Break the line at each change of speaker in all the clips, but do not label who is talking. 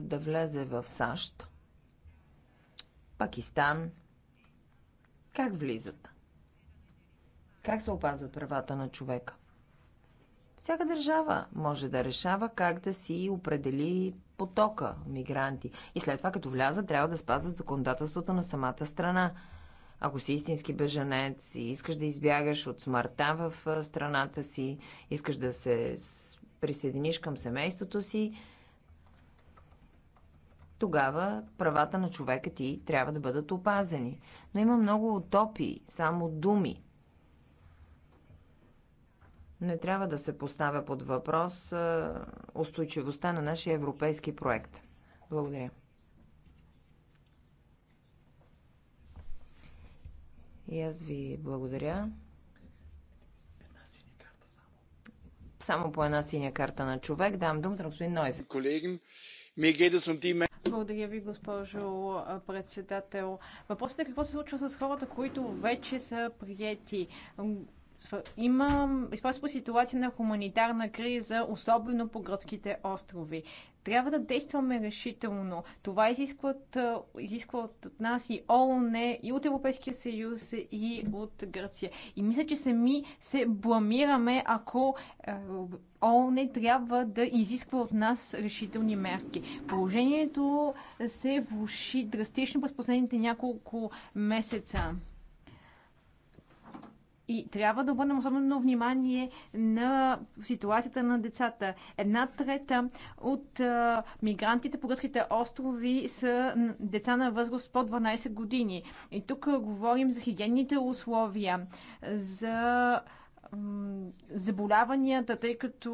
да влезе в САЩ, Пакистан, как влизат? Как се опазват правата на човека? Всяка държава може да решава как да си определи потока мигранти. И след това, като влязат, трябва да спазват законодателството на самата страна. Ако си истински беженец и искаш да избягаш от смъртта в страната си, искаш да се присъединиш към семейството си, тогава правата на човека ти трябва да бъдат опазени. Но има много утопии, само думи. Не трябва да се поставя под въпрос устойчивостта на нашия европейски проект. Благодаря. И аз ви благодаря. Само по една синя карта на човек. Дам думата на господин Ми Нойзер. Благодаря ви, госпожо председател. Въпросът е какво се случва
с хората, които вече са приети има, използва ситуация на хуманитарна криза, особено по гръцките острови. Трябва да действаме решително. Това изисква е, от нас и ООН, и от Европейския съюз, и от Гърция. И мисля, че сами се бламираме, ако е, ООН трябва да изисква от нас решителни мерки. Положението се влуши драстично през последните няколко месеца. И трябва да обърнем особено внимание на ситуацията на децата. Една трета от а, мигрантите по гръцките острови са деца на възраст по 12 години. И тук а, говорим за хигиенните условия, за заболяванията, тъй като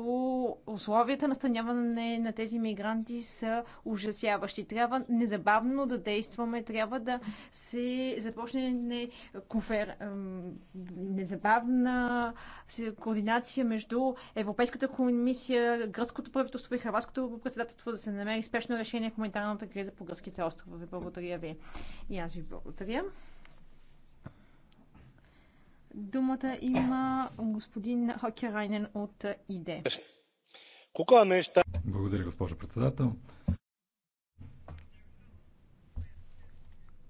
условията на станяване на тези мигранти са ужасяващи. Трябва незабавно да действаме, трябва да се започне конфер... незабавна координация между Европейската комисия, гръцкото правителство и хрватското председателство, за да се намери спешно решение на хуманитарната криза по гръцките острови. Благодаря ви. И аз ви благодаря. Думата има господин Хокерайнен от ИД.
Благодаря, госпожо председател.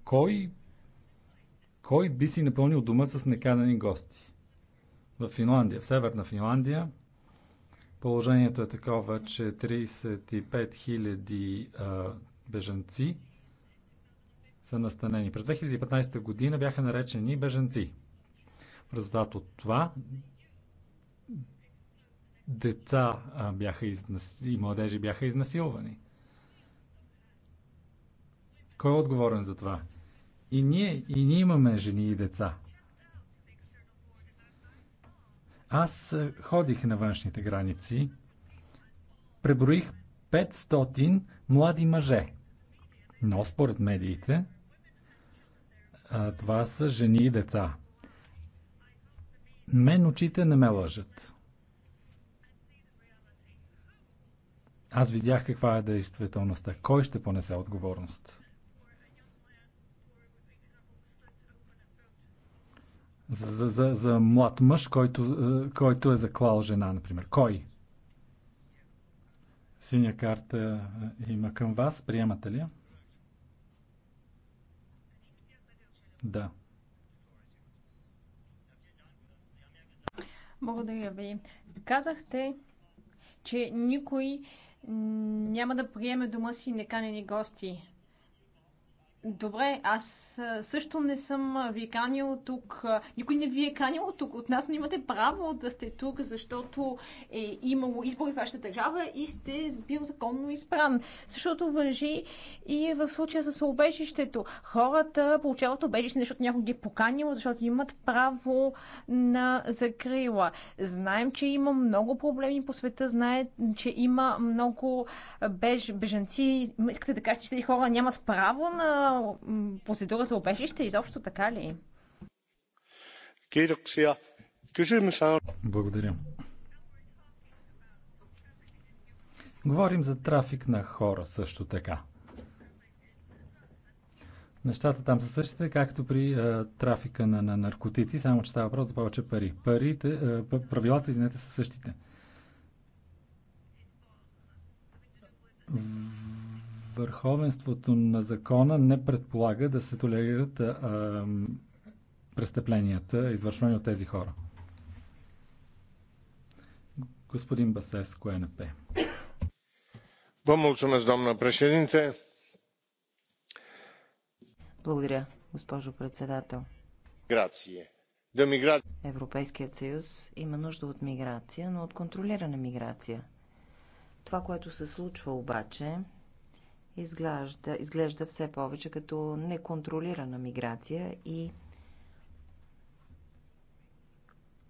Кой, кой би си напълнил дома с неканени гости? В Финландия, в северна Финландия, положението е такова, че 35 000 бежанци са настанени. През 2015 година бяха наречени бежанци резултат от това деца бяха изнас... и младежи бяха изнасилвани. Кой е отговорен за това? И ние, и ние имаме жени и деца. Аз ходих на външните граници, преброих 500 млади мъже. Но според медиите, това са жени и деца. Мен очите не ме лъжат. Аз видях каква е действителността. Кой ще понесе отговорност? За, за, за млад мъж, който, е, който е заклал жена, например. Кой? Синя карта е, има към вас. Приемате ли? Да.
Благодаря ви. Казахте, че никой няма да приеме дома си неканени гости. Добре, аз също не съм ви е канил тук. Никой не ви е канил тук. От нас не имате право да сте тук, защото е имало избори в вашата държава и сте бил законно избран. Същото въжи и в случая с обежището. Хората получават обежище, защото някой ги е поканил, защото имат право на закрила. Знаем, че има много проблеми по света, знаем, че има много беж, беженци. Искате да кажете, че тези хора нямат право на има процедура за обежище изобщо, така ли?
Благодаря. Говорим за трафик на хора също така. Нещата там са същите, както при а, е, трафика на, на наркотици, само че става въпрос за повече пари. Парите, а, е, правилата, извинете, са същите върховенството на закона не предполага да се толерират а, престъпленията, извършвани от тези хора. Господин Басес, НП. Vă mulțumesc, doamnă
Благодаря, госпожо председател. Грация. Европейският съюз има нужда от миграция, но от контролирана миграция. Това, което се случва обаче, изглежда, изглежда все повече като неконтролирана миграция и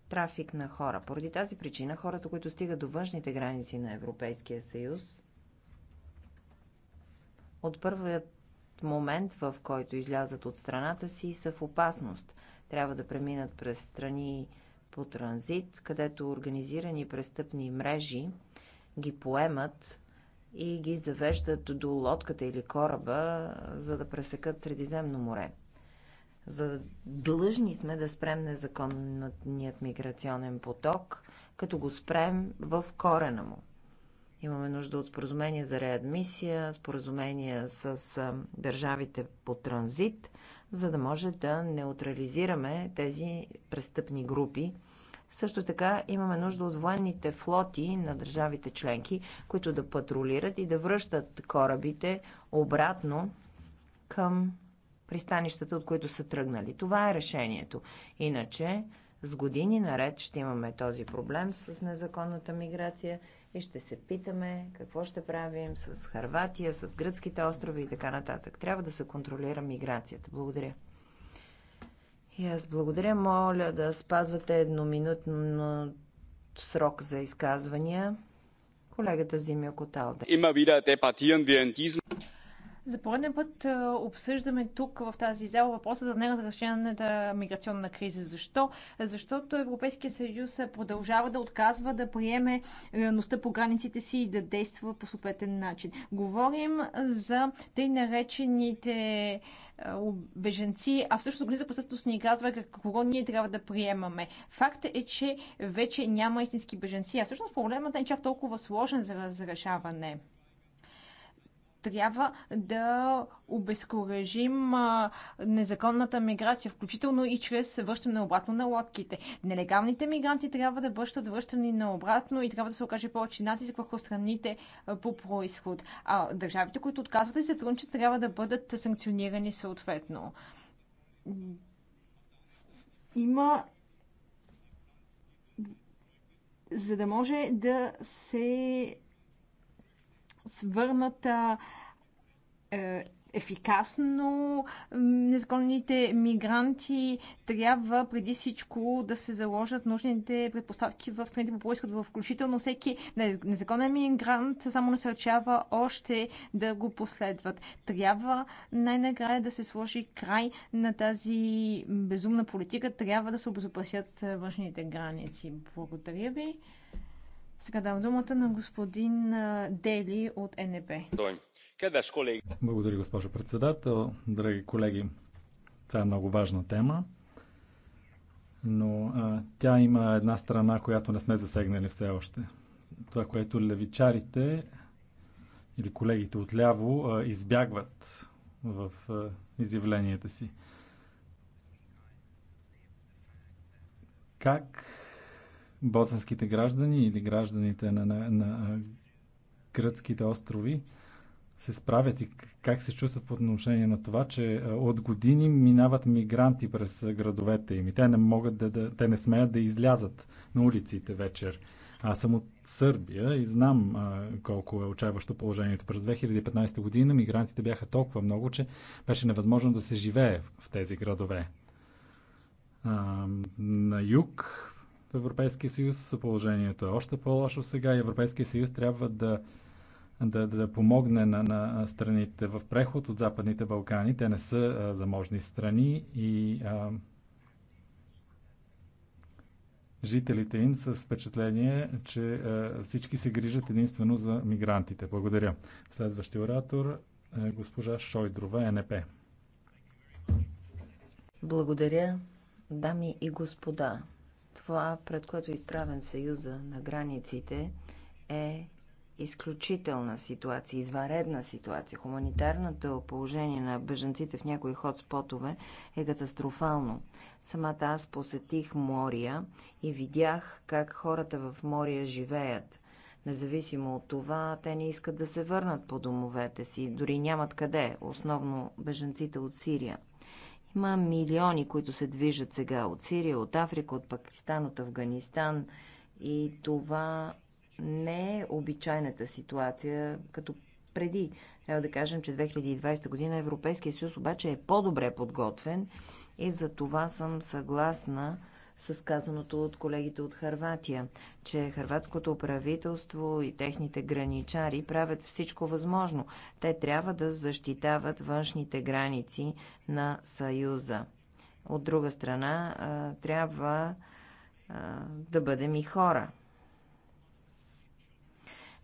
трафик на хора. Поради тази причина хората, които стигат до външните граници на Европейския съюз, от първият момент, в който излязат от страната си, са в опасност. Трябва да преминат през страни по транзит, където организирани престъпни мрежи ги поемат и ги завеждат до лодката или кораба, за да пресекат Средиземно море. За длъжни сме да спрем незаконният миграционен поток, като го спрем в корена му. Имаме нужда от споразумения за реадмисия, споразумения с държавите по транзит, за да може да неутрализираме тези престъпни групи, също така имаме нужда от военните флоти на държавите членки, които да патрулират и да връщат корабите обратно към пристанищата, от които са тръгнали. Това е решението. Иначе с години наред ще имаме този проблем с незаконната миграция и ще се питаме какво ще правим с Харватия, с гръцките острови и така нататък. Трябва да се контролира миграцията. Благодаря. И аз благодаря. Моля да спазвате едноминутно срок за изказвания. Колегата Зимио Коталде.
За пореден път обсъждаме тук в тази зала въпроса за неразрешената миграционна криза. Защо? Защото Европейския съюз продължава да отказва да приеме реалността по границите си и да действа по съответен начин. Говорим за тъй наречените беженци, а всъщност Организа престъпност ни казва какво ние трябва да приемаме. Факт е, че вече няма истински беженци, а всъщност проблемът е чак толкова сложен за разрешаване трябва да обезкуражим незаконната миграция, включително и чрез връщане обратно на лодките. Нелегалните мигранти трябва да бъдат връщани наобратно и трябва да се окаже повече натиск върху страните по происход. А държавите, които отказват да се трънчат, трябва да бъдат санкционирани съответно. Има за да може да се Свърната е, ефикасно незаконните мигранти, трябва преди всичко да се заложат нужните предпоставки в страните по происход, включително всеки незаконен мигрант само насърчава още да го последват. Трябва най-накрая да се сложи край на тази безумна политика, трябва да се обезопасят е, външните граници. Благодаря ви. Сега давам думата на господин Дели от НБ.
Благодаря, госпожо председател. Драги колеги, това е много важна тема, но а, тя има една страна, която не сме засегнали все още. Това, което левичарите или колегите отляво а, избягват в а, изявленията си. Как Босанските граждани или гражданите на, на, на гръцките острови се справят и как се чувстват по отношение на това, че от години минават мигранти през градовете им и те не могат да, да те не смеят да излязат на улиците вечер. Аз съм от Сърбия и знам а, колко е отчаяващо положението. През 2015 година мигрантите бяха толкова много, че беше невъзможно да се живее в тези градове. А, на юг Европейския съюз. Положението е още по-лошо сега. Е Европейския съюз трябва да, да, да помогне на, на страните в преход от Западните Балкани. Те не са а, заможни страни и а, жителите им с впечатление, че а, всички се грижат единствено за мигрантите. Благодаря. Следващия оратор е госпожа Шойдрова, е НП.
Благодаря, дами и господа. Това, пред което е изправен Съюза на границите, е изключителна ситуация, изваредна ситуация. Хуманитарното положение на бежанците в някои ходспотове е катастрофално. Самата аз посетих Мория и видях как хората в Мория живеят. Независимо от това, те не искат да се върнат по домовете си, дори нямат къде, основно бежанците от Сирия – има милиони, които се движат сега от Сирия, от Африка, от Пакистан, от Афганистан. И това не е обичайната ситуация, като преди. Трябва да кажем, че 2020 година Европейския съюз обаче е по-добре подготвен и за това съм съгласна с казаното от колегите от Харватия, че харватското правителство и техните граничари правят всичко възможно. Те трябва да защитават външните граници на Съюза. От друга страна, трябва да бъдем и хора.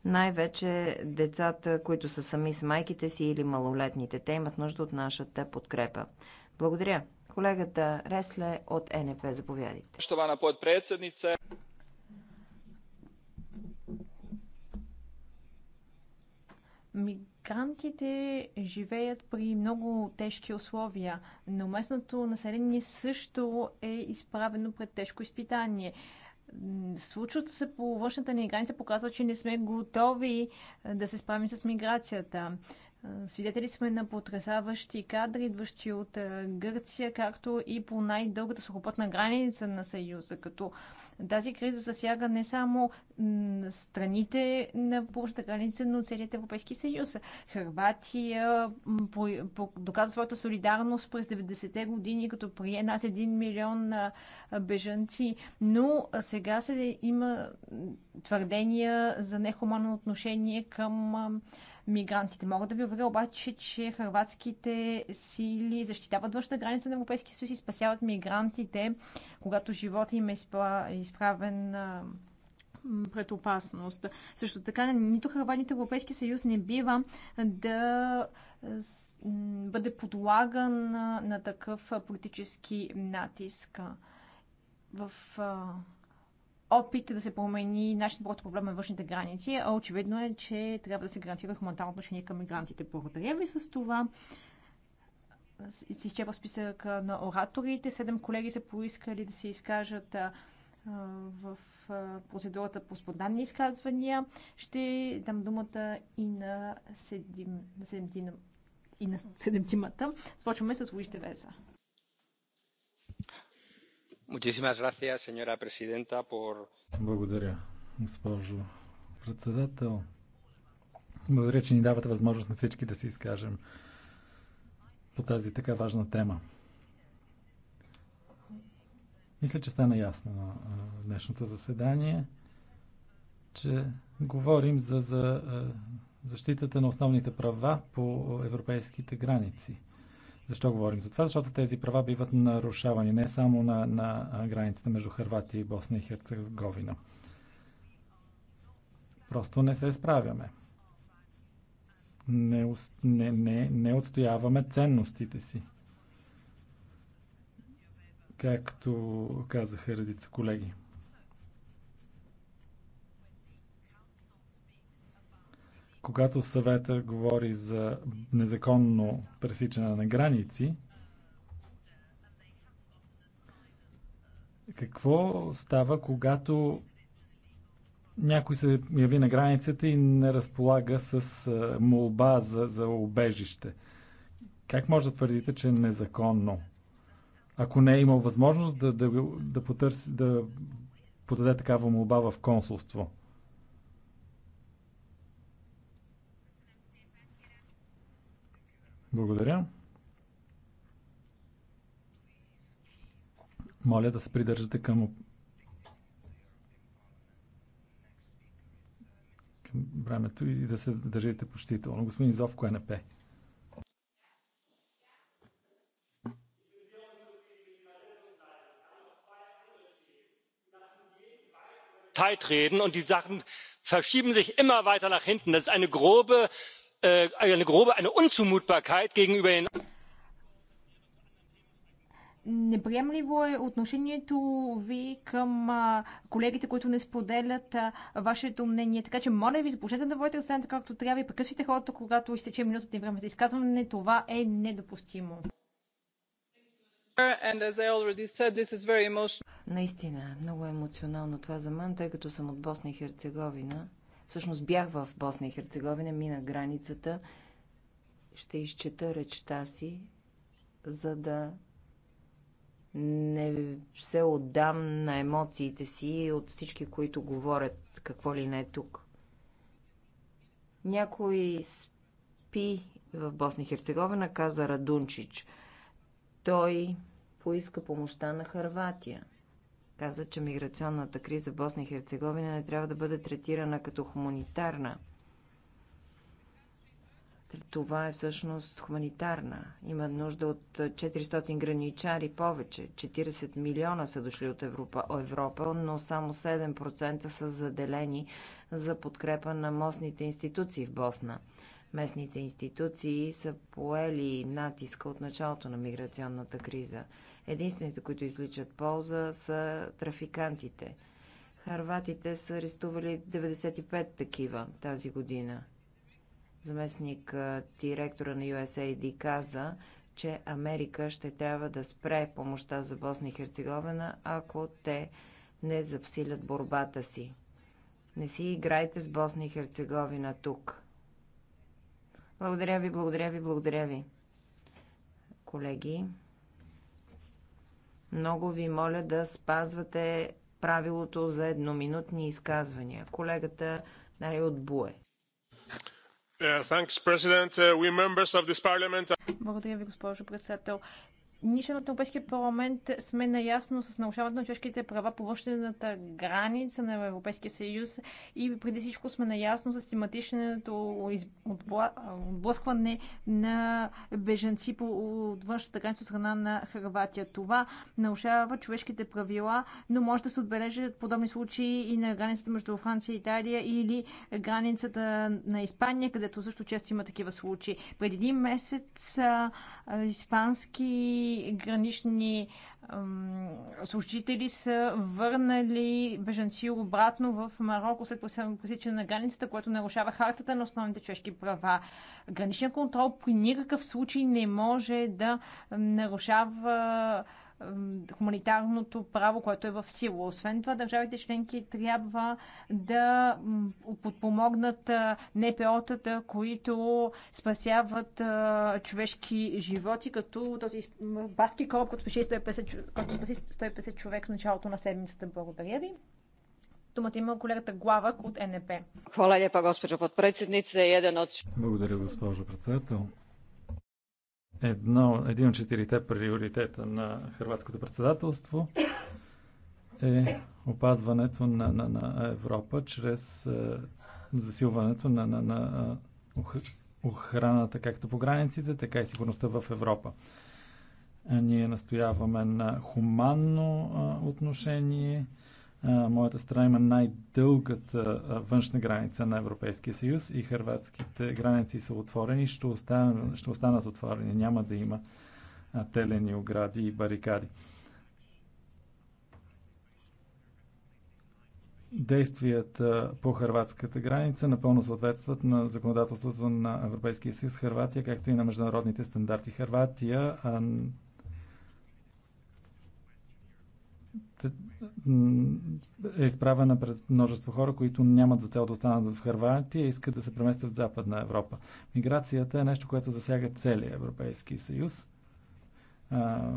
Най-вече децата, които са сами с майките си или малолетните, те имат нужда от нашата подкрепа. Благодаря. Колегата Ресле от НП, заповядайте.
Штована подпредседнице.
Мигрантите
живеят при много тежки условия, но местното население също е изправено пред тежко изпитание. Случват се по външната ни граница показва, че не сме готови да се справим с миграцията. Свидетели сме на потрясаващи кадри, идващи от Гърция, както и по най-дългата сухопътна граница на Съюза, като тази криза засяга не само страните на външната граница, но целият Европейски съюз. Харватия доказва своята солидарност през 90-те години, като прие над 1 милион бежанци, но сега се има твърдения за нехуманно отношение към мигрантите. Мога да ви уверя обаче, че хрватските сили защитават външната граница на Европейския съюз и спасяват мигрантите, когато живота им е изправен пред опасност. Също така, нито Хърватите Европейски съюз не бива да бъде подлаган на такъв политически натиск. В опит да се промени нашата по проблем на външните граници, а очевидно е, че трябва да се гарантира хуманитарно отношение към мигрантите. Благодаря ви с това. Се изчепа списък на ораторите. Седем колеги са поискали да се изкажат в процедурата по споданни изказвания. Ще дам думата и на седемтината. И на седемтимата. Започваме с Луиш Девеса.
Благодаря, госпожо председател. Благодаря, че ни давате възможност на всички да се изкажем по тази така важна тема. Мисля, че стана ясно на днешното заседание, че говорим за, за защитата на основните права по европейските граници. Защо говорим за това? Защото тези права биват нарушавани не само на, на границата между Харватия и Босна и Херцеговина. Просто не се справяме. Не, не, не, не отстояваме ценностите си. Както казаха редица колеги. Когато съвета говори за незаконно пресичане на граници, какво става, когато някой се яви на границата и не разполага с молба за, за убежище? Как може да твърдите, че е незаконно? Ако не е имал възможност да, да, да, потърси, да подаде такава молба в консулство. Благодаря. Моля да се придържате към времето и да се държите почтително. Господин Зовко, е НП. zeit reden und die sachen verschieben sich immer weiter nach hinten. das ist eine grobe Äh, eine grobe eine Unzumutbarkeit gegenüber den
Неприемливо е отношението ви към колегите, които не споделят вашето мнение. Така че, моля ви, започнете да водите останете както трябва и прекъсвайте хората, когато изтече минутата и време за изказване. Това е недопустимо.
Наистина, много е емоционално това за мен, тъй като съм от Босна и Херцеговина Всъщност бях в Босна и Херцеговина, мина границата. Ще изчета речта си, за да не се отдам на емоциите си от всички, които говорят какво ли не е тук. Някой спи в Босна и Херцеговина, каза Радунчич. Той поиска помощта на Харватия – каза, че миграционната криза в Босна и Херцеговина не трябва да бъде третирана като хуманитарна. Това е всъщност хуманитарна. Има нужда от 400 граничари повече. 40 милиона са дошли от Европа, Европа но само 7% са заделени за подкрепа на мостните институции в Босна. Местните институции са поели натиска от началото на миграционната криза. Единствените, които изличат полза, са трафикантите. Харватите са арестували 95 такива тази година. Заместник директора на USAID каза, че Америка ще трябва да спре помощта за Босна и Херцеговина, ако те не запсилят борбата си. Не си играйте с Босна и Херцеговина тук. Благодаря ви, благодаря ви, благодаря ви. Колеги, много ви моля да спазвате правилото за едноминутни изказвания. Колегата Нари от Буе.
Uh, uh,
Благодаря ви, госпожо председател ние, ще на Европейския парламент, сме наясно с нарушаването на човешките права по външната граница на Европейския съюз и преди всичко сме наясно с тематичното отблъскване на беженци по от външната граница от страна на Харватия. Това нарушава човешките правила, но може да се отбележат подобни случаи и на границата между Франция и Италия или границата на Испания, където също често има такива случаи. Преди един месец а, испански гранични служители са върнали бежанци обратно в Марокко след пресичане на границата, което нарушава хартата на основните човешки права. Граничен контрол при никакъв случай не може да нарушава хуманитарното право, което е в сила. Освен това, държавите членки трябва да подпомогнат НПО-тата, които спасяват човешки животи, като този баски кораб, който спаси 150, който спаси 150 човек в началото на седмицата. Благодаря ви. Думата има колегата Главък
от НП. Хвала лепа, госпожо подпредседница.
Благодаря, госпожо председател едно, един от четирите приоритета на хрватското председателство е опазването на, на, на Европа чрез е, засилването на, на, на е, охраната както по границите, така и сигурността в Европа. Е, ние настояваме на хуманно е, отношение моята страна има най-дългата външна граница на Европейския съюз и хърватските граници са отворени, ще останат, ще останат отворени, няма да има телени огради и барикади. действията по хърватската граница напълно съответстват на законодателството на Европейския съюз Хърватия, както и на международните стандарти. Хърватия е изправена пред множество хора, които нямат за цел да останат в Харватия и искат да се преместят в Западна Европа. Миграцията е нещо, което засяга целия Европейски съюз. А,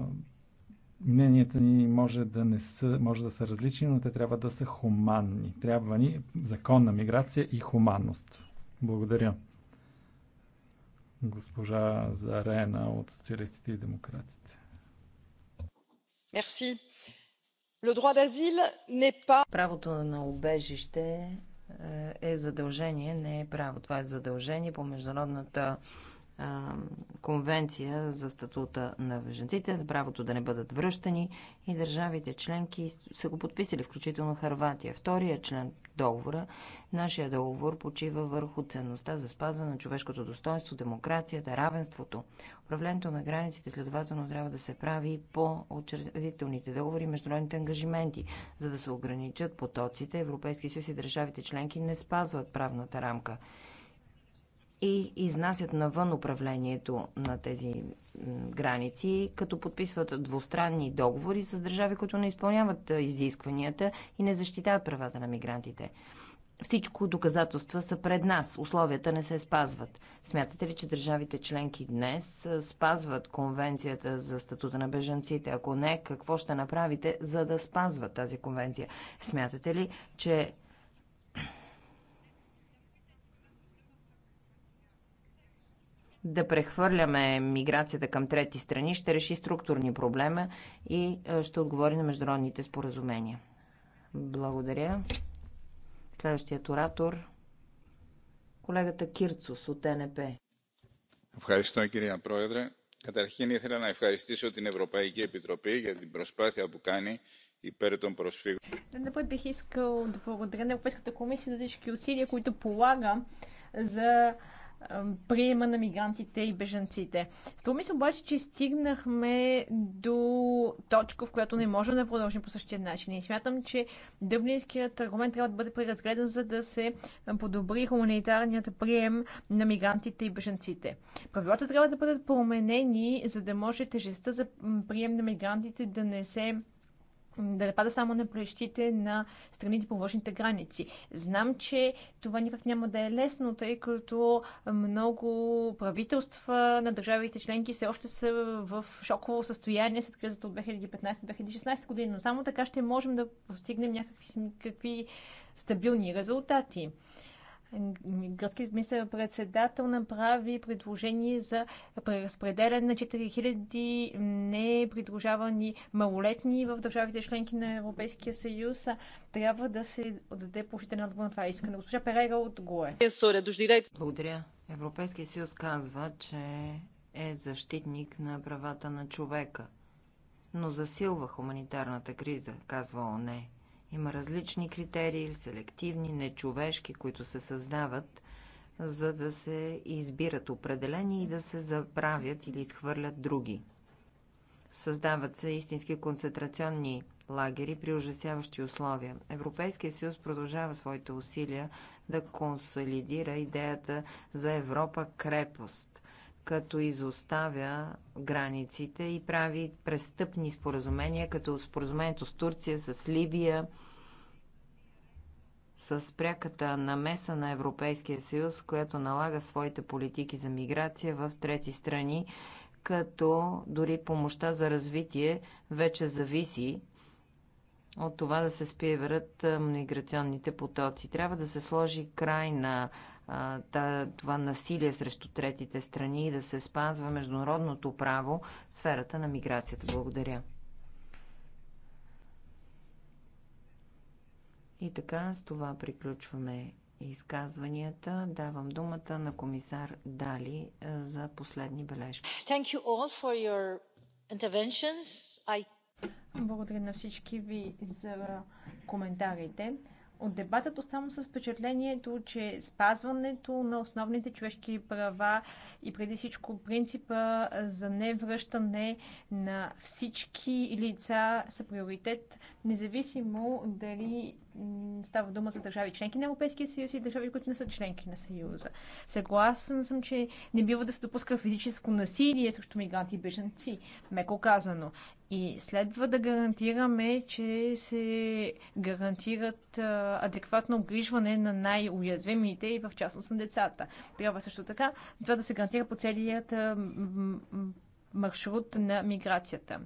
мненията ни може да, не са, може да са различни, но те трябва да са хуманни. Трябва ни законна миграция и хуманност. Благодаря. Госпожа Зарена от Социалистите и Демократите.
Мерси. Правото на убежище е, е задължение, не е право. Това е задължение по международната конвенция за статута на беженците, правото да не бъдат връщани и държавите членки са го подписали, включително Харватия. Втория член договора, нашия договор почива върху ценността за спазване на човешкото достоинство, демокрацията, равенството. Управлението на границите следователно трябва да се прави по учредителните договори и международните ангажименти. За да се ограничат потоците, Европейски съюз и държавите членки не спазват правната рамка и изнасят навън управлението на тези граници, като подписват двустранни договори с държави, които не изпълняват изискванията и не защитават правата на мигрантите. Всичко доказателства са пред нас. Условията не се спазват. Смятате ли, че държавите членки днес спазват конвенцията за статута на бежанците? Ако не, какво ще направите, за да спазват тази конвенция? Смятате ли, че да прехвърляме миграцията към трети страни ще реши структурни проблеми и е, ще отговори на международните споразумения. Благодаря. Следващият оратор колегата Кирцус от НП.
Ευχαριστώ κυρία Πρόεδρε. Καταρχήν ήθελα να ευχαριστήσω την Ευρωπαϊκή Επιτροπή για την προσπάθεια που κάνει υπέρ των προσφύγων.
път бих искал да благодаря на Европейската комисия за всички усилия, които полага за приема на мигрантите и бежанците. Струва ми се обаче, че стигнахме до точка, в която не можем да продължим по същия начин. И смятам, че дъблинският аргумент трябва да бъде преразгледан, за да се подобри хуманитарният прием на мигрантите и бежанците. Правилата трябва да бъдат променени, за да може тежестта за прием на мигрантите да не се да не пада само на плещите на страните по външните граници. Знам, че това никак няма да е лесно, тъй като много правителства на държавите членки все още са в шоково състояние след кризата от 2015-2016 година, но само така ще можем да постигнем някакви, някакви стабилни резултати гръцкият министър-председател направи предложение за преразпределяне на 4000 непридружавани малолетни в държавите членки на Европейския съюз. Трябва да се даде положителен отговор на това искане.
Госпожа Перега от ГОЕ. Благодаря. Европейския съюз казва, че е защитник на правата на човека, но засилва хуманитарната криза, казва ОНЕ. Има различни критерии, селективни, нечовешки, които се създават, за да се избират определени и да се заправят или изхвърлят други. Създават се истински концентрационни лагери при ужасяващи условия. Европейския съюз продължава своите усилия да консолидира идеята за Европа крепост като изоставя границите и прави престъпни споразумения, като споразумението с Турция, с Либия, с пряката намеса на Европейския съюз, която налага своите политики за миграция в трети страни, като дори помощта за развитие вече зависи от това да се спират миграционните потоци. Трябва да се сложи край на това насилие срещу третите страни и да се спазва международното право в сферата на миграцията. Благодаря. И така, с това приключваме изказванията. Давам думата на комисар Дали за последни бележки.
Thank you all for your interventions. I... Благодаря на всички ви за коментарите. От дебатът оставам с впечатлението, че спазването на основните човешки права и преди всичко принципа за невръщане на всички лица са приоритет, независимо дали става дума за държави членки на Европейския съюз и държави, които не са членки на Съюза. Съгласен съм, че не бива да се допуска физическо насилие срещу мигранти и беженци, меко казано. И следва да гарантираме, че се гарантират адекватно обгрижване на най-уязвимите и в частност на децата. Трябва също така това да се гарантира по целият маршрут на миграцията.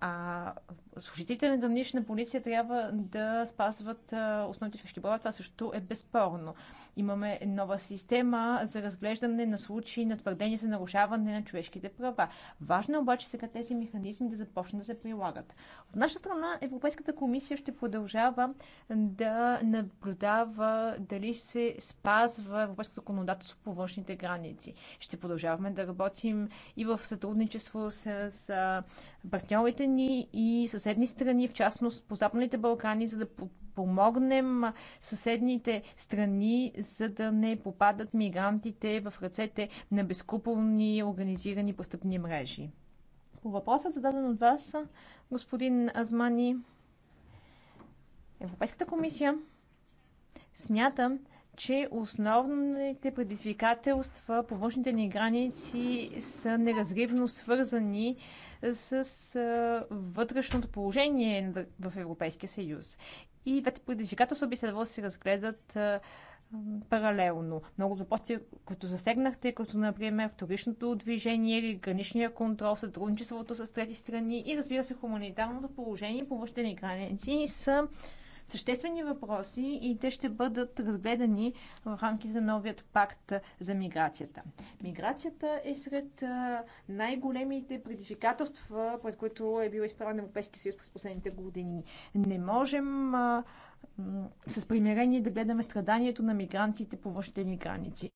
А служителите на гранична полиция трябва да спазват основните човешки права. Това също е безспорно. Имаме нова система за разглеждане на случаи на твърдение за нарушаване на човешките права. Важно е обаче сега тези механизми да започнат да се прилагат. От наша страна Европейската комисия ще продължава да наблюдава дали се спазва европейското законодателство по външните граници. Ще продължаваме да работим и в сътрудничество с партньорите съседите ни и съседни страни, в частност по Западните Балкани, за да помогнем съседните страни, за да не попадат мигрантите в ръцете на безкуповни организирани престъпни мрежи. По въпросът зададен от вас, господин Азмани, Европейската комисия смята, че основните предизвикателства по външните ни граници са неразривно свързани с вътрешното положение в Европейския съюз. И двете предизвикателства би следвало да се разгледат паралелно. Много въпроси, които засегнахте, като например вторичното движение или граничния контрол, сътрудничеството с трети страни и разбира се хуманитарното положение по външните граници са съществени въпроси и те ще бъдат разгледани в рамките на новият пакт за миграцията. Миграцията е сред най-големите предизвикателства, пред които е бил изправен Европейски съюз през последните години. Не можем с примирение да гледаме страданието на мигрантите по външните ни граници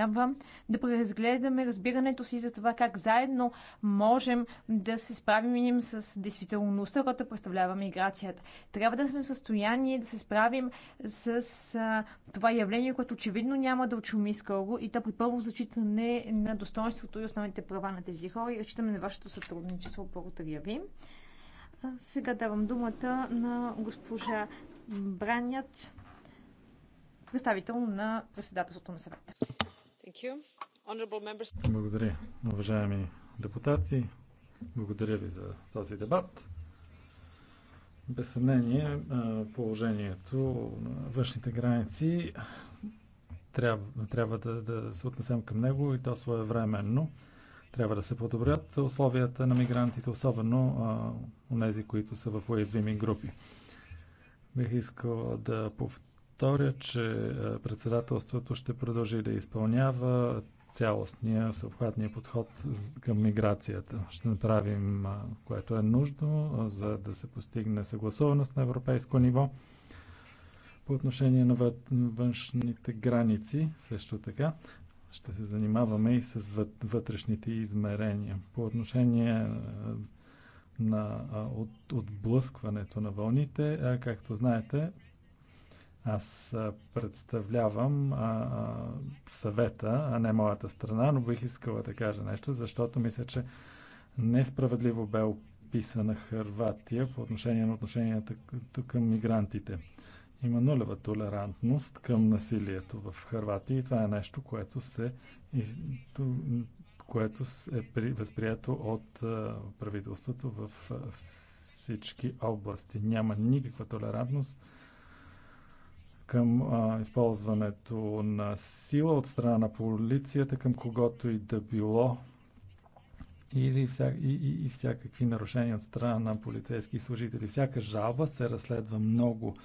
трябва да преразгледаме разбирането си за това как заедно можем да се справим с действителността, която представлява миграцията. Трябва да сме в състояние да се справим с това явление, което очевидно няма да очуми скоро и то при първо зачитане на достоинството и основните права на тези хора и разчитаме на вашето сътрудничество. Благодаря ви. Сега давам думата на госпожа Бранят, представител на председателството на съвета.
Благодаря, уважаеми депутати. Благодаря ви за този дебат. Без съмнение, положението на външните граници трябва, трябва да, да се отнесем към него и то своевременно. Трябва да се подобрят условията на мигрантите, особено у нези, които са в уязвими групи. Бих искал да повторя повторя, че председателството ще продължи да изпълнява цялостния, съобхватния подход към миграцията. Ще направим което е нужно, за да се постигне съгласуваност на европейско ниво. По отношение на външните граници, също така, ще се занимаваме и с вътрешните измерения. По отношение на отблъскването на вълните, както знаете, аз представлявам а, а, съвета, а не моята страна, но бих искала да кажа нещо, защото мисля, че несправедливо бе описана Харватия по отношение на отношенията към мигрантите. Има нулева толерантност към насилието в Харватия и това е нещо, което се което е възприето от правителството в всички области. Няма никаква толерантност към а, използването на сила от страна на полицията към когото и да било или вся, и, и, и всякакви нарушения от страна на полицейски служители. Всяка жалба се разследва много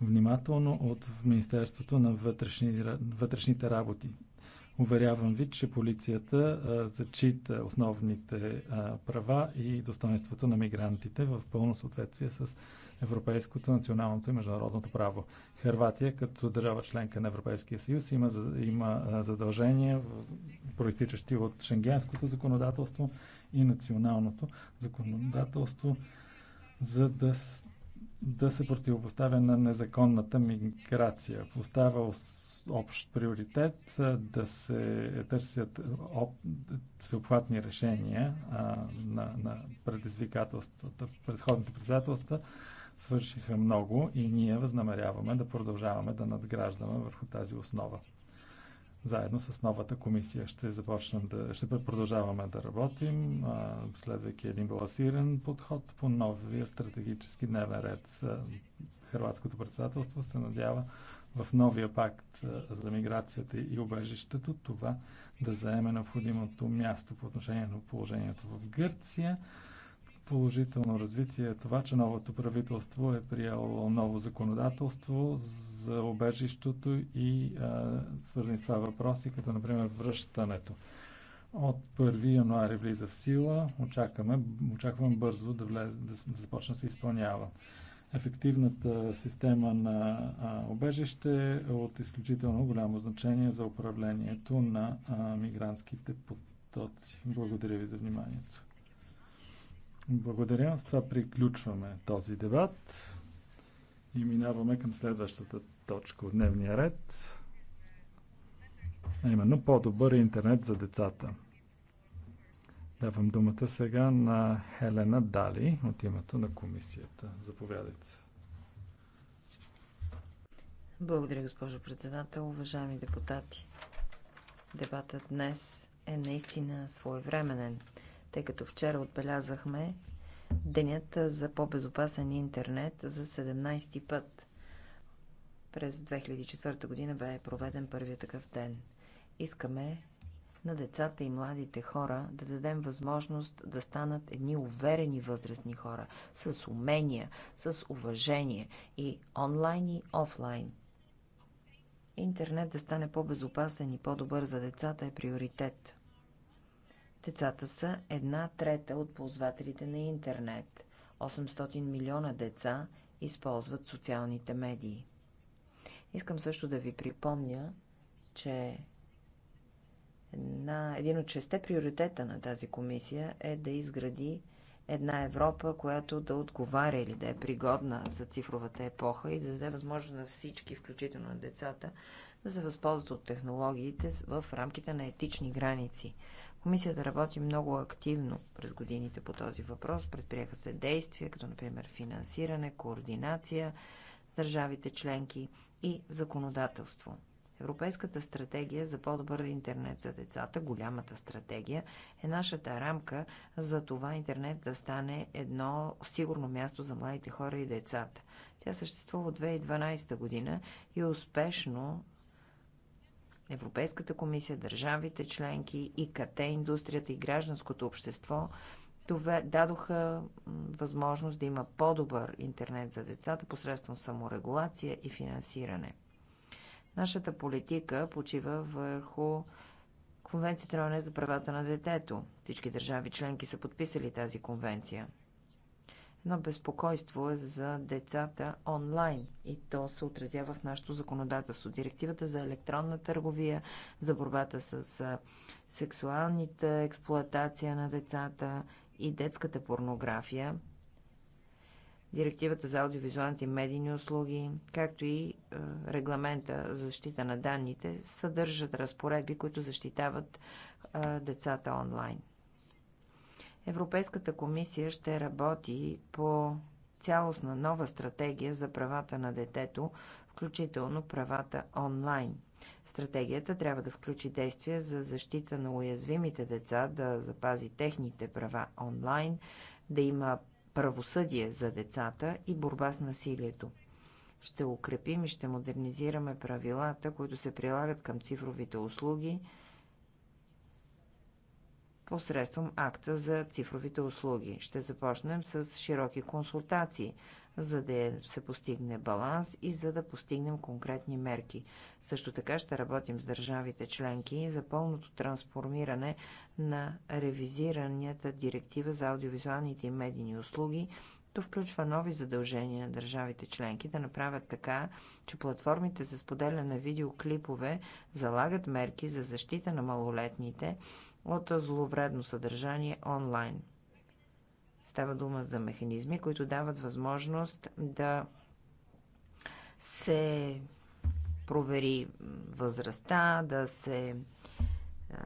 внимателно от Министерството на вътрешни, вътрешните работи. Уверявам ви, че полицията зачита основните права и достоинството на мигрантите в пълно съответствие с европейското, националното и международното право. Хърватия, като държава членка на Европейския съюз, има, има задължения, проистичащи от шенгенското законодателство и националното законодателство, за да да се противопоставя на незаконната миграция. Остава общ приоритет да се търсят всеобхватни решения на, на предизвикателствата. Предходните председателства свършиха много и ние възнамеряваме да продължаваме да надграждаме върху тази основа. Заедно с новата комисия ще започнем да, ще продължаваме да работим, следвайки един балансиран подход по новия стратегически дневен ред. Хрватското председателство се надява в новия пакт за миграцията и обежището това да заеме необходимото място по отношение на положението в Гърция. Положително развитие е това, че новото правителство е приело ново законодателство за обежището и а, свързани с това въпроси, като например връщането. От 1 януари влиза в сила. Очакваме, очаквам бързо да, влез, да, да започне да се изпълнява ефективната система на обежище е от изключително голямо значение за управлението на мигрантските потоци. Благодаря ви за вниманието. Благодаря. С това приключваме този дебат и минаваме към следващата точка от дневния ред, а именно по-добър интернет за децата. Давам думата сега на Хелена Дали от името на комисията. Заповядайте.
Благодаря, госпожо председател, уважаеми депутати. Дебатът днес е наистина своевременен, тъй като вчера отбелязахме Денят за по-безопасен интернет за 17-ти път. През 2004 година бе проведен първият такъв ден. Искаме на децата и младите хора, да дадем възможност да станат едни уверени възрастни хора, с умения, с уважение и онлайн и офлайн. Интернет да стане по-безопасен и по-добър за децата е приоритет. Децата са една трета от ползвателите на интернет. 800 милиона деца използват социалните медии. Искам също да ви припомня, че Една, един от шесте приоритета на тази комисия е да изгради една Европа, която да отговаря или да е пригодна за цифровата епоха и да даде възможност на всички, включително на децата, да се възползват от технологиите в рамките на етични граници. Комисията работи много активно през годините по този въпрос. Предприеха се действия, като например финансиране, координация, държавите членки и законодателство. Европейската стратегия за по-добър интернет за децата, голямата стратегия, е нашата рамка за това интернет да стане едно сигурно място за младите хора и децата. Тя съществува от 2012 година и е успешно Европейската комисия, държавите членки, и КТ индустрията и гражданското общество дадоха възможност да има по-добър интернет за децата посредством саморегулация и финансиране. Нашата политика почива върху Конвенцията на ОНЕ за правата на детето. Всички държави членки са подписали тази конвенция. Едно безпокойство е за децата онлайн и то се отразява в нашето законодателство. Директивата за електронна търговия, за борбата с сексуалната експлоатация на децата и детската порнография директивата за аудиовизуалните медийни услуги, както и е, регламента за защита на данните, съдържат разпоредби, които защитават е, децата онлайн. Европейската комисия ще работи по цялостна нова стратегия за правата на детето, включително правата онлайн. Стратегията трябва да включи действия за защита на уязвимите деца, да запази техните права онлайн, да има правосъдие за децата и борба с насилието. Ще укрепим и ще модернизираме правилата, които се прилагат към цифровите услуги посредством акта за цифровите услуги. Ще започнем с широки консултации за да се постигне баланс и за да постигнем конкретни мерки. Също така ще работим с държавите членки за пълното трансформиране на ревизиранията директива за аудиовизуалните и медийни услуги, то включва нови задължения на държавите членки да направят така, че платформите за споделяне на видеоклипове залагат мерки за защита на малолетните от зловредно съдържание онлайн. Става дума за механизми, които дават възможност да се провери възрастта, да се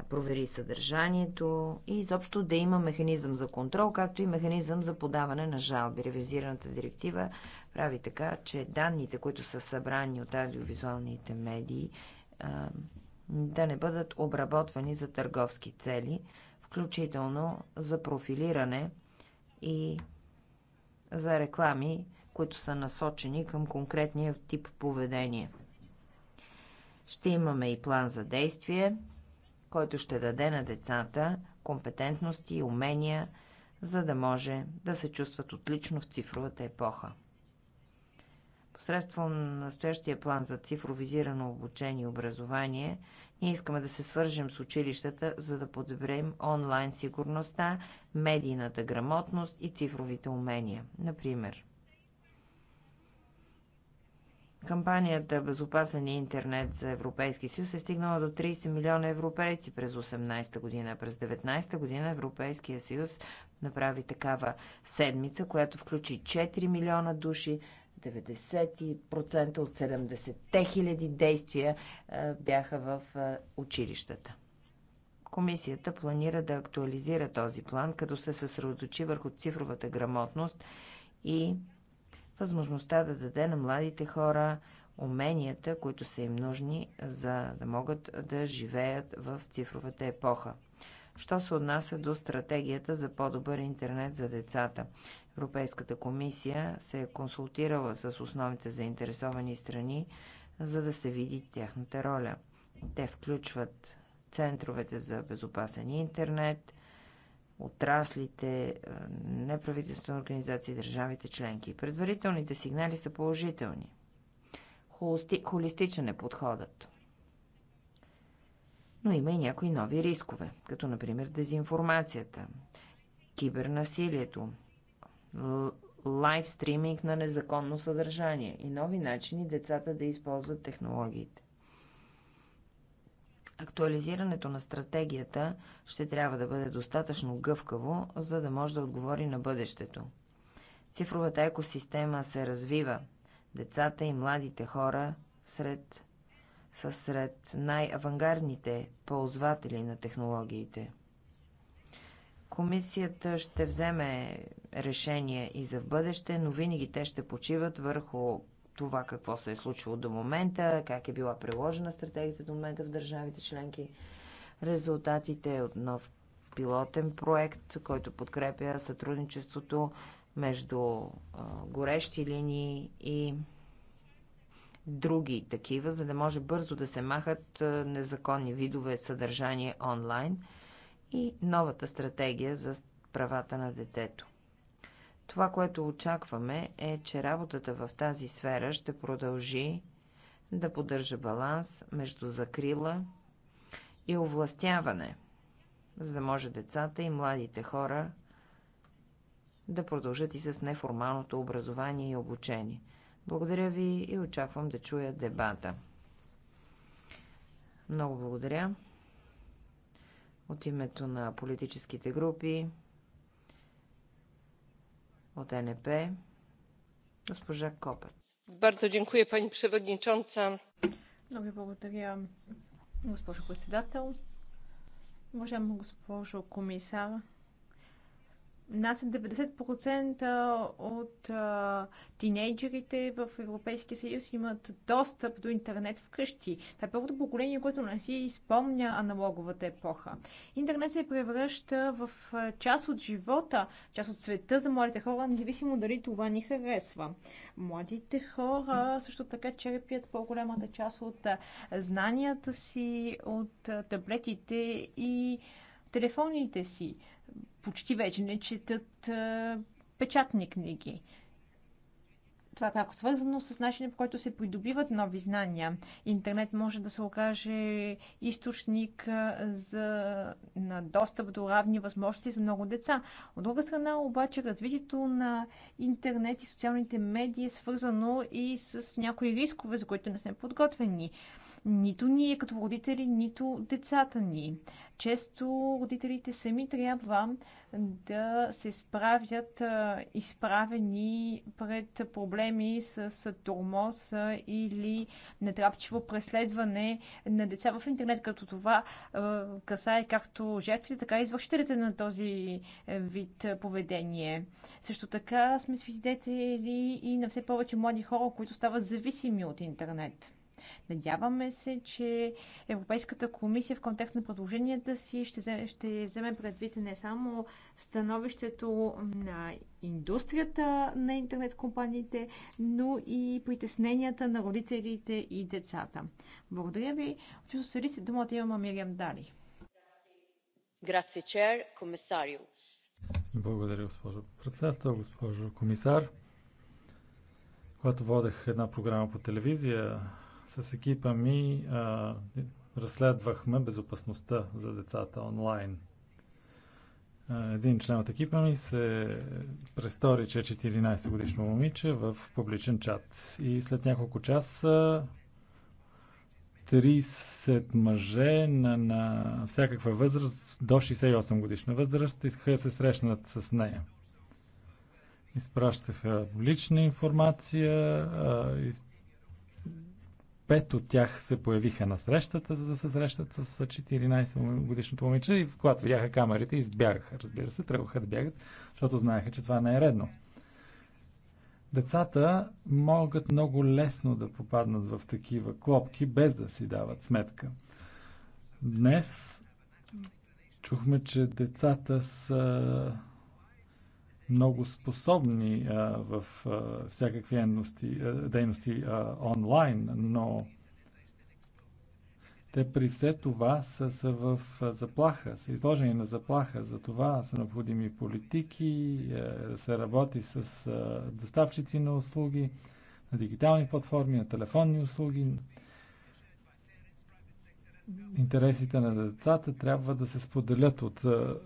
провери съдържанието и изобщо да има механизъм за контрол, както и механизъм за подаване на жалби. Ревизираната директива прави така, че данните, които са събрани от аудиовизуалните медии, да не бъдат обработвани за търговски цели, включително за профилиране и за реклами, които са насочени към конкретния тип поведение. Ще имаме и план за действие, който ще даде на децата компетентности и умения, за да може да се чувстват отлично в цифровата епоха. Посредством настоящия план за цифровизирано обучение и образование, ние искаме да се свържем с училищата, за да подобрим онлайн сигурността, медийната грамотност и цифровите умения. Например, Кампанията Безопасен интернет за Европейски съюз е стигнала до 30 милиона европейци през 18-та година. През 19-та година Европейския съюз направи такава седмица, която включи 4 милиона души 90% от 70-те хиляди действия е, бяха в е, училищата. Комисията планира да актуализира този план, като се съсредоточи върху цифровата грамотност и възможността да даде на младите хора уменията, които са им нужни, за да могат да живеят в цифровата епоха що се отнася до стратегията за по-добър интернет за децата. Европейската комисия се е консултирала с основните заинтересовани страни, за да се види тяхната роля. Те включват центровете за безопасен интернет, отраслите, е, неправителствени организации, държавите членки. Предварителните сигнали са положителни. Холистичен е подходът но има и някои нови рискове, като например дезинформацията, кибернасилието, лайв стриминг на незаконно съдържание и нови начини децата да използват технологиите. Актуализирането на стратегията ще трябва да бъде достатъчно гъвкаво, за да може да отговори на бъдещето. Цифровата екосистема се развива. Децата и младите хора сред са сред най-авангардните ползватели на технологиите. Комисията ще вземе решение и за в бъдеще, но винаги те ще почиват върху това какво се е случило до момента, как е била приложена стратегията до момента в държавите членки, резултатите е от нов пилотен проект, който подкрепя сътрудничеството между горещи линии и други такива, за да може бързо да се махат незаконни видове съдържание онлайн и новата стратегия за правата на детето. Това, което очакваме е, че работата в тази сфера ще продължи да поддържа баланс между закрила и овластяване, за да може децата и младите хора да продължат и с неформалното образование и обучение. Благодаря ви и очаквам да чуя дебата. Много благодаря. От името на политическите групи, от НП, госпожа Копът. Бързо дякую, пани przewodnicząca.
Много благодаря, госпожо председател. Уважаема госпожо комисар, над 90% от а, тинейджерите в Европейския съюз имат достъп до интернет вкъщи. Това е първото поколение, което не си изпомня аналоговата епоха. Интернет се превръща в част от живота, част от света за младите хора, независимо дали това ни харесва. Младите хора също така черпят по-голямата част от знанията си, от таблетите и телефоните си почти вече не четат печатни книги. Това е пряко свързано с начина по който се придобиват нови знания. Интернет може да се окаже източник за, на достъп до равни възможности за много деца. От друга страна, обаче, развитието на интернет и социалните медии е свързано и с някои рискове, за които не сме подготвени нито ние като родители, нито децата ни. Често родителите сами трябва да се справят изправени пред проблеми с тормоз или натрапчиво преследване на деца в интернет, като това касае както жертвите, така и извършителите на този е, вид е, поведение. Също така сме свидетели и на все повече млади хора, които стават зависими от интернет. Надяваме се, че Европейската комисия в контекст на предложенията си ще, вземе, ще вземе предвид не само становището на индустрията на интернет компаниите, но и притесненията на родителите и децата. Благодаря ви. От социалисти думата имам Мириам Дали. Грация,
чер, комисарио.
Благодаря, госпожо председател, госпожо комисар. Когато водех една програма по телевизия с екипа ми а, разследвахме безопасността за децата онлайн. Един член от екипа ми се престори, че е 14 годишно момиче в публичен чат. И след няколко часа 30 мъже на, на всякаква възраст, до 68 годишна възраст, искаха да се срещнат с нея. Изпращаха лична информация, из, Пет от тях се появиха на срещата, за да се срещат с 14-годишното момиче и когато видяха камерите, избягаха. Разбира се, тръгваха да бягат, защото знаеха, че това не е редно. Децата могат много лесно да попаднат в такива клопки, без да си дават сметка. Днес чухме, че децата са много способни а, в а, всякакви едности, а, дейности а, онлайн, но те при все това са, са в заплаха, са изложени на заплаха. За това са необходими политики, а, се работи с доставчици на услуги, на дигитални платформи, на телефонни услуги, интересите на децата трябва да се споделят от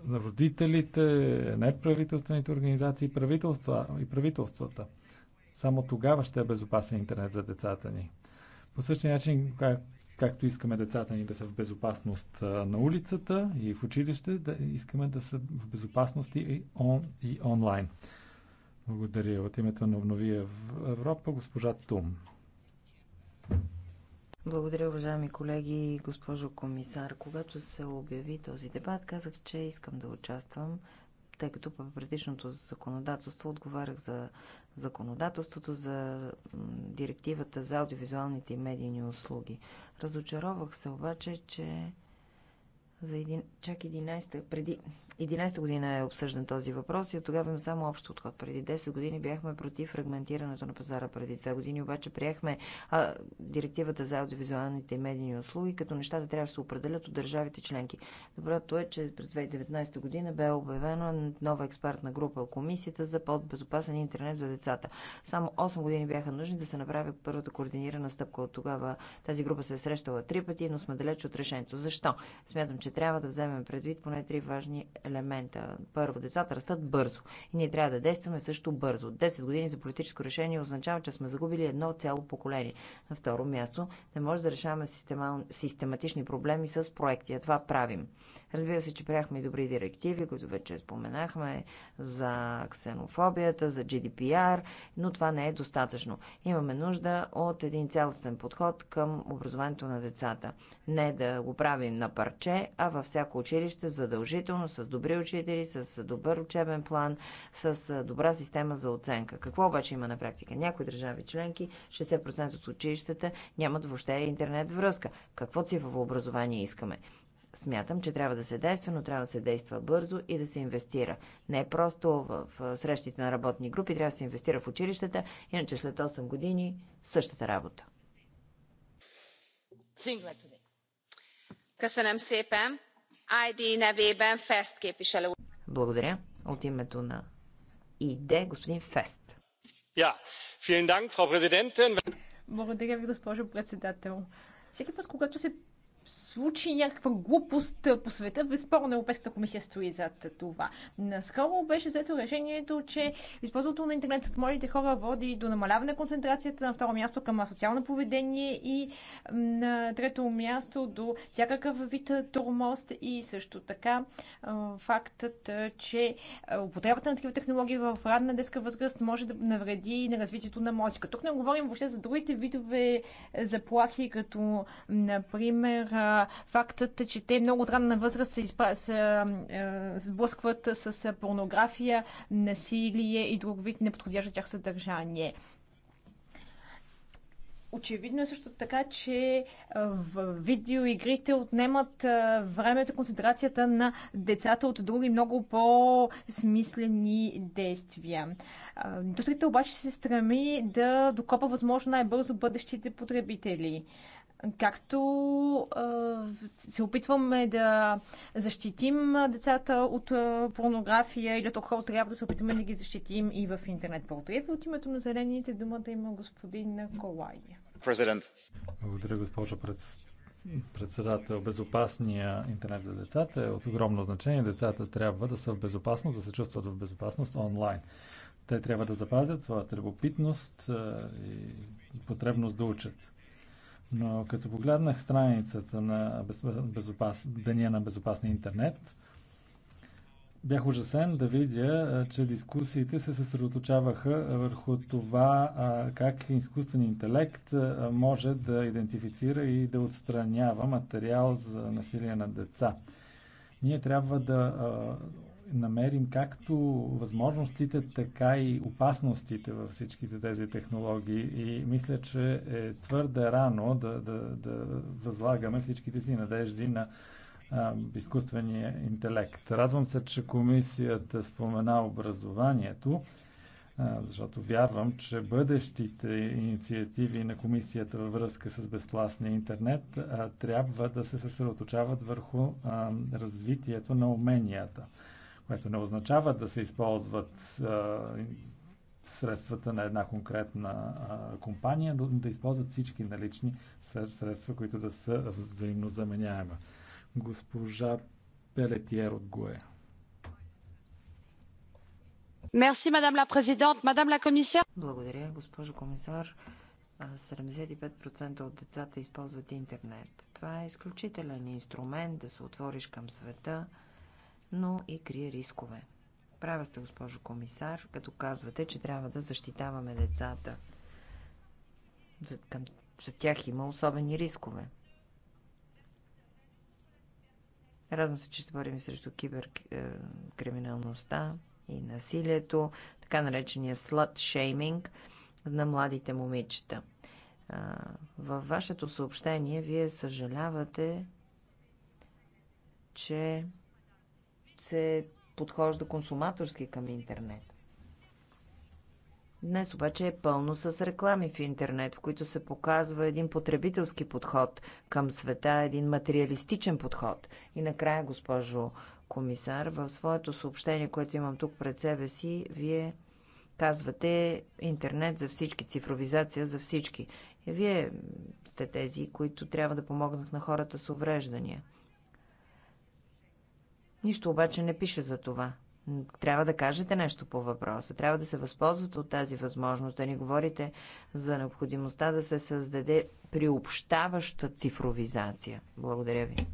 родителите, неправителствените организации правителства и правителствата. Само тогава ще е безопасен интернет за децата ни. По същия начин, как, както искаме децата ни да са в безопасност на улицата и в училище, да искаме да са в безопасност и, он, и онлайн. Благодаря. От името на Обновия в Европа, госпожа Тум.
Благодаря, уважаеми колеги, госпожо комисар. Когато се обяви този дебат, казах, че искам да участвам, тъй като по предишното законодателство отговарях за законодателството, за директивата за аудиовизуалните и медийни услуги. Разочаровах се обаче, че за един, чак 11, преди 11 та година е обсъждан този въпрос и от тогава имам само общ отход. Преди 10 години бяхме против фрагментирането на пазара. Преди 2 години обаче приехме а, директивата за аудиовизуалните и медийни услуги, като нещата трябва да се определят от държавите членки. Доброто е, че през 2019 година бе обявена нова експертна група комисията за по-безопасен интернет за децата. Само 8 години бяха нужни да се направи първата координирана стъпка от тогава. Тази група се е срещала три пъти, но сме далеч от решението. Защо? Смятам, че че трябва да вземем предвид поне три важни елемента. Първо, децата растат бързо и ние трябва да действаме също бързо. 10 години за политическо решение означава, че сме загубили едно цяло поколение. На второ място, не може да решаваме систематични проблеми с проекти, а това правим. Разбира се, че приехме и добри директиви, които вече споменахме за ксенофобията, за GDPR, но това не е достатъчно. Имаме нужда от един цялостен подход към образованието на децата. Не да го правим на парче, а във всяко училище задължително, с добри учители, с добър учебен план, с добра система за оценка. Какво обаче има на практика? Някои държави членки, 60% от училищата нямат въобще интернет връзка. Какво цифрово образование искаме? Смятам, че трябва да се действа, но трябва да се действа бързо и да се инвестира. Не просто в срещите на работни групи, трябва да се инвестира в училищата, иначе след 8 години същата работа. Благодаря. От името на ИД, господин Фест.
Благодаря ви, госпожо председател. Всеки път, когато се случи някаква глупост по света, безспорно Европейската комисия стои зад това. Наскоро беше взето решението, че използването на интернет от младите хора води до намаляване на концентрацията, на второ място към социално поведение и на трето място до всякакъв вид тормоз и също така фактът, че употребата на такива технологии в ранна детска възраст може да навреди на развитието на мозъка. Тук не говорим въобще за другите видове заплахи, като например фактът, че те много ранна възраст се, изпра... се сблъскват с порнография, насилие и друг вид неподходящо тях съдържание. Очевидно е също така, че в видеоигрите отнемат времето, концентрацията на децата от други много по-смислени действия. Индустрията обаче се стреми да докопа възможно най-бързо бъдещите потребители както се опитваме да защитим децата от порнография или от хора, трябва да се опитаме да ги защитим и в интернет. Благодаря от името на зелените думата има господин Колай.
Президент. Благодаря, госпожо пред... председател. Безопасния интернет за децата е от огромно значение. Децата трябва да са в безопасност, да се чувстват в безопасност онлайн. Те трябва да запазят своята любопитност и потребност да учат. Но като погледнах страницата на безопас... Деня на безопасния интернет, бях ужасен да видя, че дискусиите се съсредоточаваха върху това как изкуствен интелект може да идентифицира и да отстранява материал за насилие на деца. Ние трябва да намерим както възможностите, така и опасностите във всичките тези технологии. И мисля, че е твърде рано да, да, да възлагаме всичките си надежди на а, изкуствения интелект. Радвам се, че комисията спомена образованието защото вярвам, че бъдещите инициативи на комисията във връзка с безпластния интернет а, трябва да се съсредоточават върху а, развитието на уменията което не означава да се използват а, средствата на една конкретна а, компания, но да използват всички налични средства, които да са взаимно заменяеми. Госпожа Пелетиер от ГОЕ.
Мерси, мадам ла президент, мадам ла комисар. Благодаря, госпожо комисар. 75% от децата използват интернет. Това е изключителен инструмент да се отвориш към света, но и крие рискове. Права сте, госпожо комисар, като казвате, че трябва да защитаваме децата. За, към, за тях има особени рискове. Радвам се, че се борим срещу киберкриминалността е, и насилието, така наречения слът шейминг на младите момичета. Във вашето съобщение вие съжалявате, че се подхожда консуматорски към интернет. Днес обаче е пълно с реклами в интернет, в които се показва един потребителски подход към света, един материалистичен подход. И накрая, госпожо комисар, в своето съобщение, което имам тук пред себе си, вие казвате интернет за всички, цифровизация за всички. И вие сте тези, които трябва да помогнат на хората с увреждания – Нищо обаче не пише за това. Трябва да кажете нещо по въпроса. Трябва да се възползвате от тази възможност, да ни говорите за необходимостта да се създаде приобщаваща цифровизация. Благодаря ви.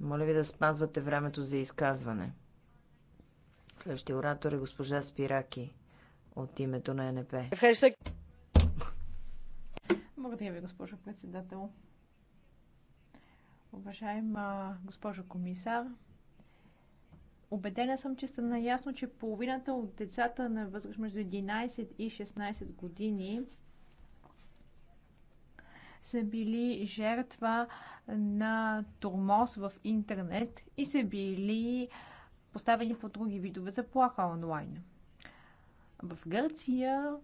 Моля ви да спазвате времето за изказване. Следващия оратор е госпожа Спираки от името на НП.
Благодаря ви, госпожо председател. Уважаема госпожо комисар, убедена съм, че сте наясно, че половината от децата на възраст между 11 и 16 години са били жертва на тормоз в интернет и са били поставени по други видове заплаха онлайн. В Гърция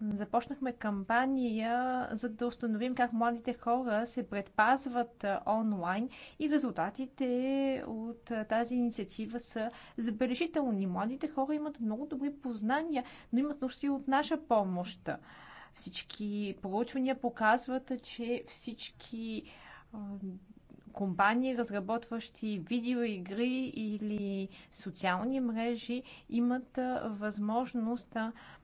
започнахме кампания, за да установим как младите хора се предпазват онлайн и резултатите от тази инициатива са забележителни. Младите хора имат много добри познания, но имат нужда и от наша помощ. Всички проучвания показват, че всички компании, разработващи видеоигри или социални мрежи, имат възможност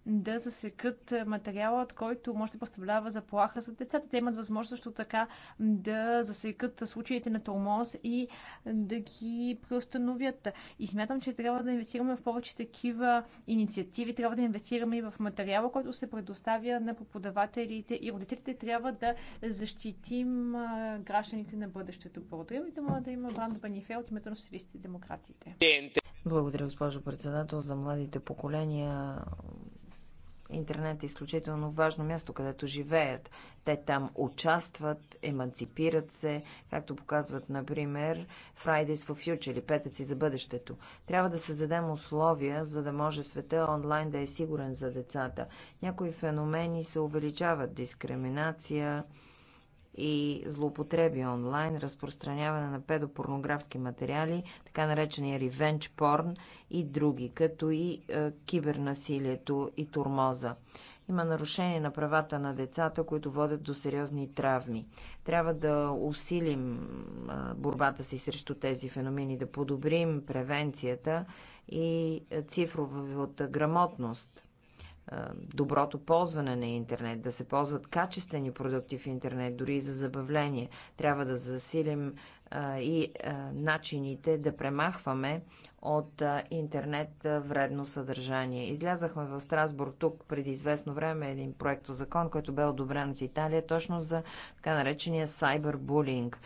да засекат материалът, който може да представлява заплаха за децата. Те имат възможност също така да засекат случаите на тормоз и да ги преустановят. И смятам, че трябва да инвестираме в повече такива инициативи, трябва да инвестираме и в материала, който се предоставя на преподавателите и родителите. Трябва да защитим гражданите на бъдещето. Благодаря ви, думала да има Бранд Банифе от името на социалистите и демократите.
Благодаря, госпожо председател, за младите поколения Интернет е изключително важно място, където живеят. Те там участват, еманципират се, както показват, например, Fridays for Future или Петъци за бъдещето. Трябва да създадем условия, за да може света онлайн да е сигурен за децата. Някои феномени се увеличават. Дискриминация, и злоупотреби онлайн, разпространяване на педопорнографски материали, така наречения ревенч порн и други, като и е, кибернасилието и турмоза. Има нарушение на правата на децата, които водят до сериозни травми. Трябва да усилим е, борбата си срещу тези феномени, да подобрим превенцията и е, цифровата грамотност – доброто ползване на интернет, да се ползват качествени продукти в интернет, дори и за забавление. Трябва да засилим и начините да премахваме от интернет вредно съдържание. Излязахме в Страсбург тук преди известно време един проект закон, който бе одобрен от Италия точно за така наречения сайбербулинг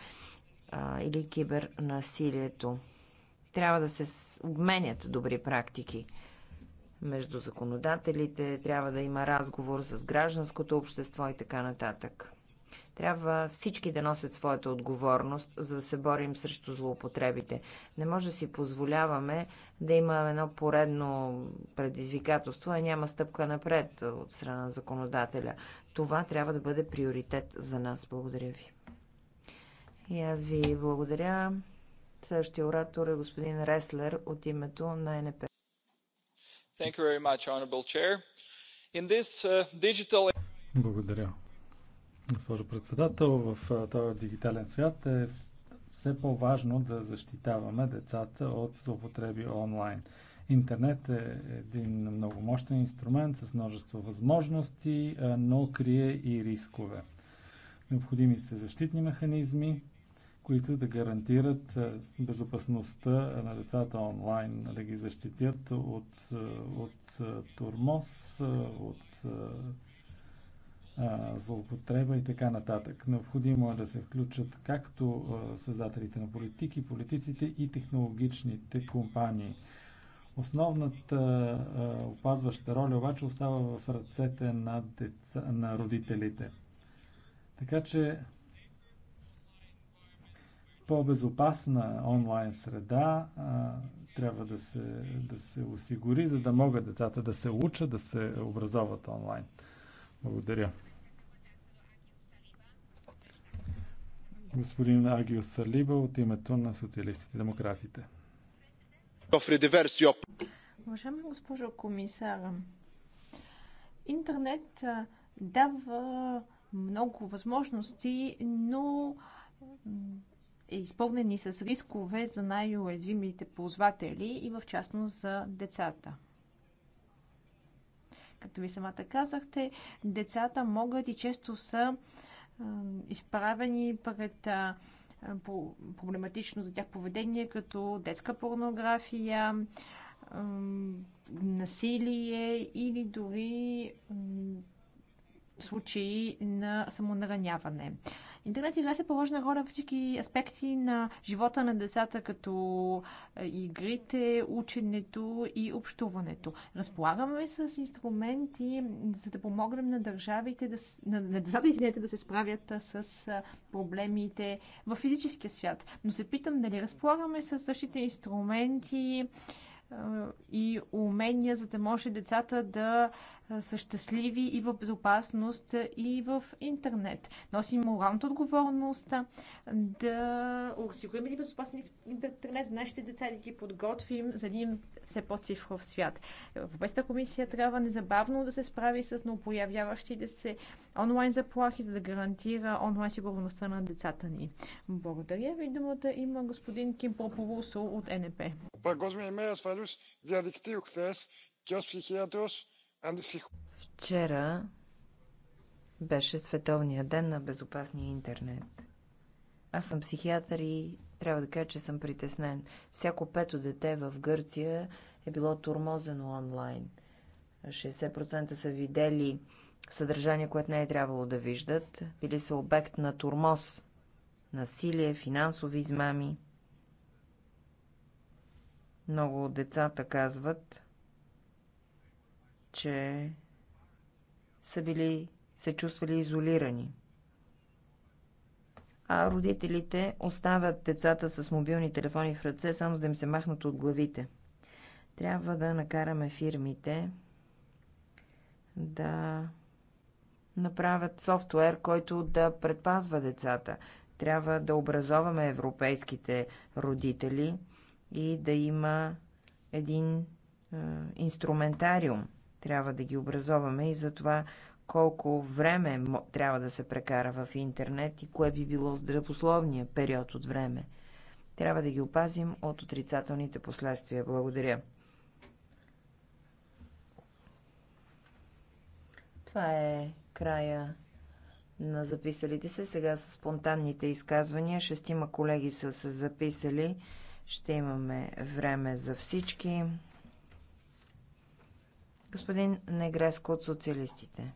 или кибернасилието. Трябва да се обменят добри практики между законодателите, трябва да има разговор с гражданското общество и така нататък. Трябва всички да носят своята отговорност, за да се борим срещу злоупотребите. Не може да си позволяваме да има едно поредно предизвикателство, а няма стъпка напред от страна на законодателя. Това трябва да бъде приоритет за нас. Благодаря ви. И аз ви благодаря. Следващия оратор е господин Реслер от името на НП.
Uh, Благодаря. Госпожо председател, в този дигитален свят е все по-важно да защитаваме децата от злоупотреби онлайн. Интернет е един много мощен инструмент с множество възможности, но крие и рискове. Необходими са защитни механизми, които да гарантират е, безопасността на децата онлайн, да ги защитят от, е, от е, турмоз, от злоупотреба и така нататък. Необходимо е да се включат както създателите на политики, политиците и технологичните компании. Основната опазваща роля обаче остава в ръцете на, деца, на родителите. Така че по-безопасна онлайн среда а, трябва да се, да се осигури, за да могат децата да се учат, да се образоват онлайн. Благодаря. Господин Агио Салиба от името на социалистите демократите.
Уважаема госпожо комисар, интернет дава много възможности, но изпълнени с рискове за най-уязвимите ползватели и в частност за децата. Като ви самата казахте, децата могат и често са изправени пред проблематично за тях поведение, като детска порнография, насилие или дори случаи на самонараняване. Интернет игра се положена роля в всички аспекти на живота на децата, като е, игрите, ученето и общуването. Разполагаме с инструменти, за да помогнем на държавите, да, на, на децата и да се справят с проблемите в физическия свят. Но се питам дали разполагаме с същите инструменти, и умения, за да може децата да са щастливи и в безопасност и в интернет. Носим моралната отговорност да осигурим и безопасен интернет за нашите деца и да ги подготвим за един все по-цифров свят. Европейската комисия трябва незабавно да се справи с новопоявяващите се онлайн заплахи, за да гарантира онлайн сигурността на децата ни. Благодаря ви. Думата има господин Ким Прополусо от НП. Παγκόσμια ημέρα ασφαλούς διαδικτύου χθες και ως ψυχίατρος
Вчера беше Световния ден на безопасния интернет. Аз съм психиатър и трябва да кажа, че съм притеснен. Всяко пето дете в Гърция е било турмозено онлайн. 60% са видели съдържание, което не е трябвало да виждат. Били са обект на турмоз, насилие, финансови измами. Много от децата казват, че са били, се чувствали изолирани. А родителите оставят децата с мобилни телефони в ръце, само за да им се махнат от главите. Трябва да накараме фирмите да направят софтуер, който да предпазва децата. Трябва да образоваме европейските родители и да има един е, инструментариум – трябва да ги образоваме и за това колко време трябва да се прекара в интернет и кое би било здравословния период от време. Трябва да ги опазим от отрицателните последствия. Благодаря. Това е края на записалите се. Сега са спонтанните изказвания. Шестима колеги са се записали. Ще имаме време за всички. Господин Негреско от социалистите.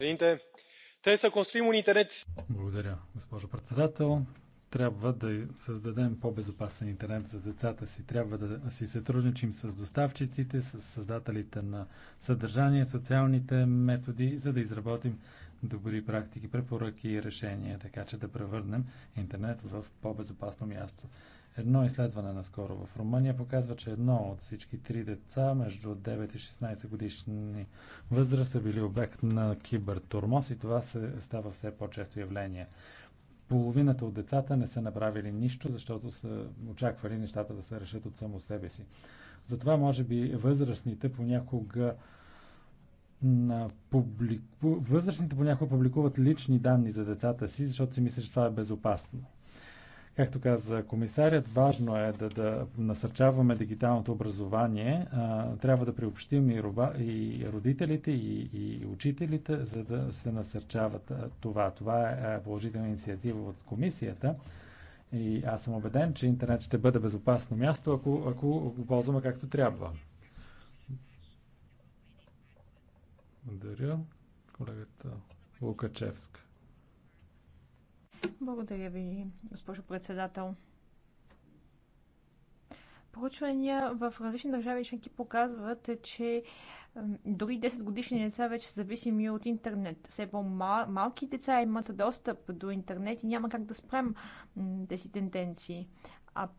Благодаря, госпожо председател. Трябва да създадем по-безопасен интернет за децата си. Трябва да си сътрудничим с доставчиците, с създателите на съдържание, социалните методи, за да изработим добри практики, препоръки и решения, така че да превърнем интернет в по-безопасно място. Едно изследване наскоро в Румъния показва, че едно от всички три деца между 9 и 16 годишни възраст са били обект на кибертурмоз и това се става все по-често явление. Половината от децата не са направили нищо, защото са очаквали нещата да се решат от само себе си. Затова, може би, възрастните понякога на публику... възрастните понякога публикуват лични данни за децата си, защото си мислят, че това е безопасно. Както каза комисарят, важно е да, да насърчаваме дигиталното образование. А, трябва да приобщим и, роба, и родителите, и, и учителите, за да се насърчават това. Това е, е положителна инициатива от комисията. И аз съм убеден, че интернет ще бъде безопасно място, ако, ако го ползваме както трябва. Благодаря. Колегата Лукачевска.
Благодаря ви, госпожо председател. Проучвания в различни държави членки показват, че дори 10 годишни деца вече са зависими от интернет. Все по-малки деца имат достъп до интернет и няма как да спрем тези тенденции. А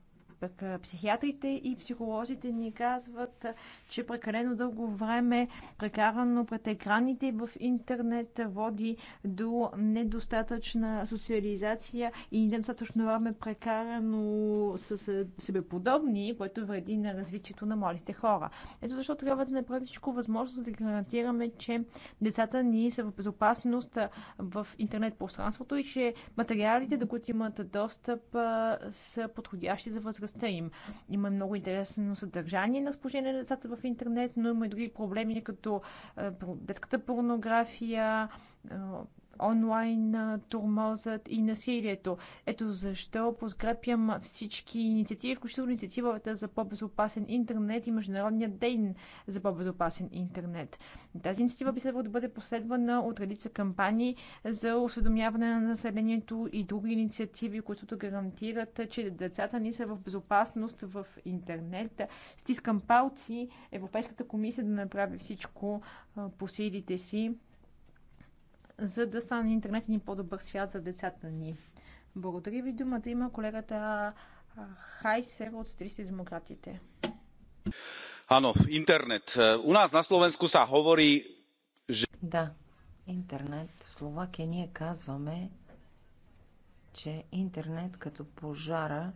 пък психиатрите и психолозите ни казват, че прекалено дълго време, прекарано пред екраните в интернет, води до недостатъчна социализация и недостатъчно време прекарано с себеподобни, което вреди на развитието на младите хора. Ето защо трябва да направим всичко възможно, за да гарантираме, че децата ни са в безопасност в интернет пространството и че материалите, до които имат достъп, са подходящи за възраст възрастта им. Има много интересно съдържание на разположение на децата в интернет, но има и други проблеми, като детската порнография, онлайн турмозът и насилието. Ето защо подкрепям всички инициативи, включително инициативата за по-безопасен интернет и Международния ден за по-безопасен интернет. Тази инициатива би следвало да бъде последвана от редица кампании за осведомяване на населението и други инициативи, които да гарантират, че децата ни са в безопасност в интернет. Стискам палци Европейската комисия да направи всичко по силите си за да стане интернет ни по-добър свят за децата ни. Благодаря ви. Думата има колегата Хайсер от 30
демократите. Ано, интернет. Е, у нас на Словенску са говори... Да, интернет. В Словакия ние казваме, че интернет като пожара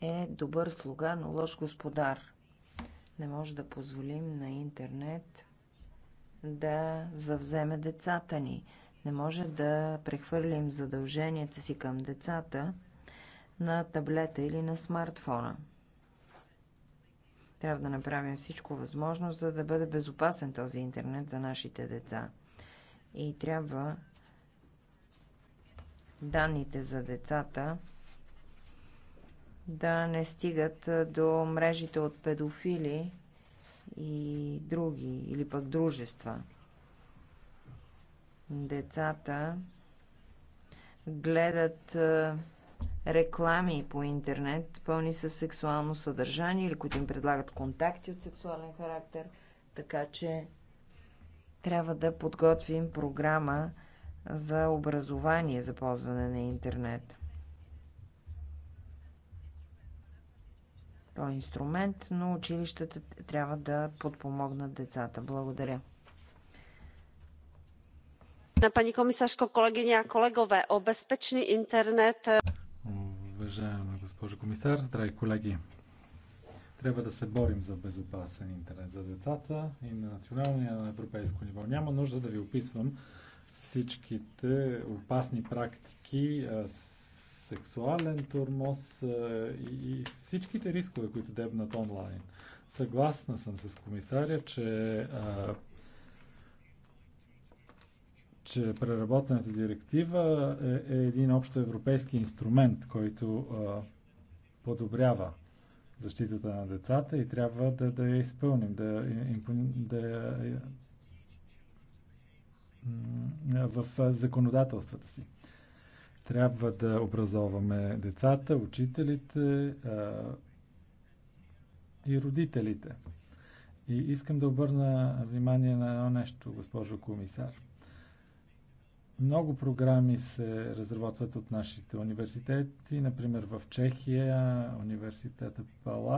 е добър слуга, но лош господар. Не може да позволим на интернет да завземе децата ни. Не може да прехвърлим задълженията си към децата на таблета или на смартфона. Трябва да направим всичко възможно, за да бъде безопасен този интернет за нашите деца. И трябва данните за децата да не стигат до мрежите от педофили, и други, или пък дружества. Децата гледат реклами по интернет, пълни с сексуално съдържание или които им предлагат контакти от сексуален характер, така че трябва да подготвим програма за образование за ползване на интернет. този инструмент, но училищата трябва да подпомогнат децата. Благодаря. На пани комисарско, колегиня и колегове, о безпечни интернет. Е,
Уважаема госпожо комисар, драги колеги, трябва да се борим за безопасен интернет за децата и на национално и на европейско ниво. Няма нужда да ви описвам всичките опасни практики, с сексуален турмоз и, и всичките рискове, които дебнат онлайн. Съгласна съм с комисаря, че а, че преработената директива е, е един общо европейски инструмент, който а, подобрява защитата на децата и трябва да, да я изпълним, да, да я в законодателствата си. Трябва да образоваме децата, учителите а, и родителите. И искам да обърна внимание на едно нещо, госпожо комисар. Много програми се разработват от нашите университети, например в Чехия, университета Палат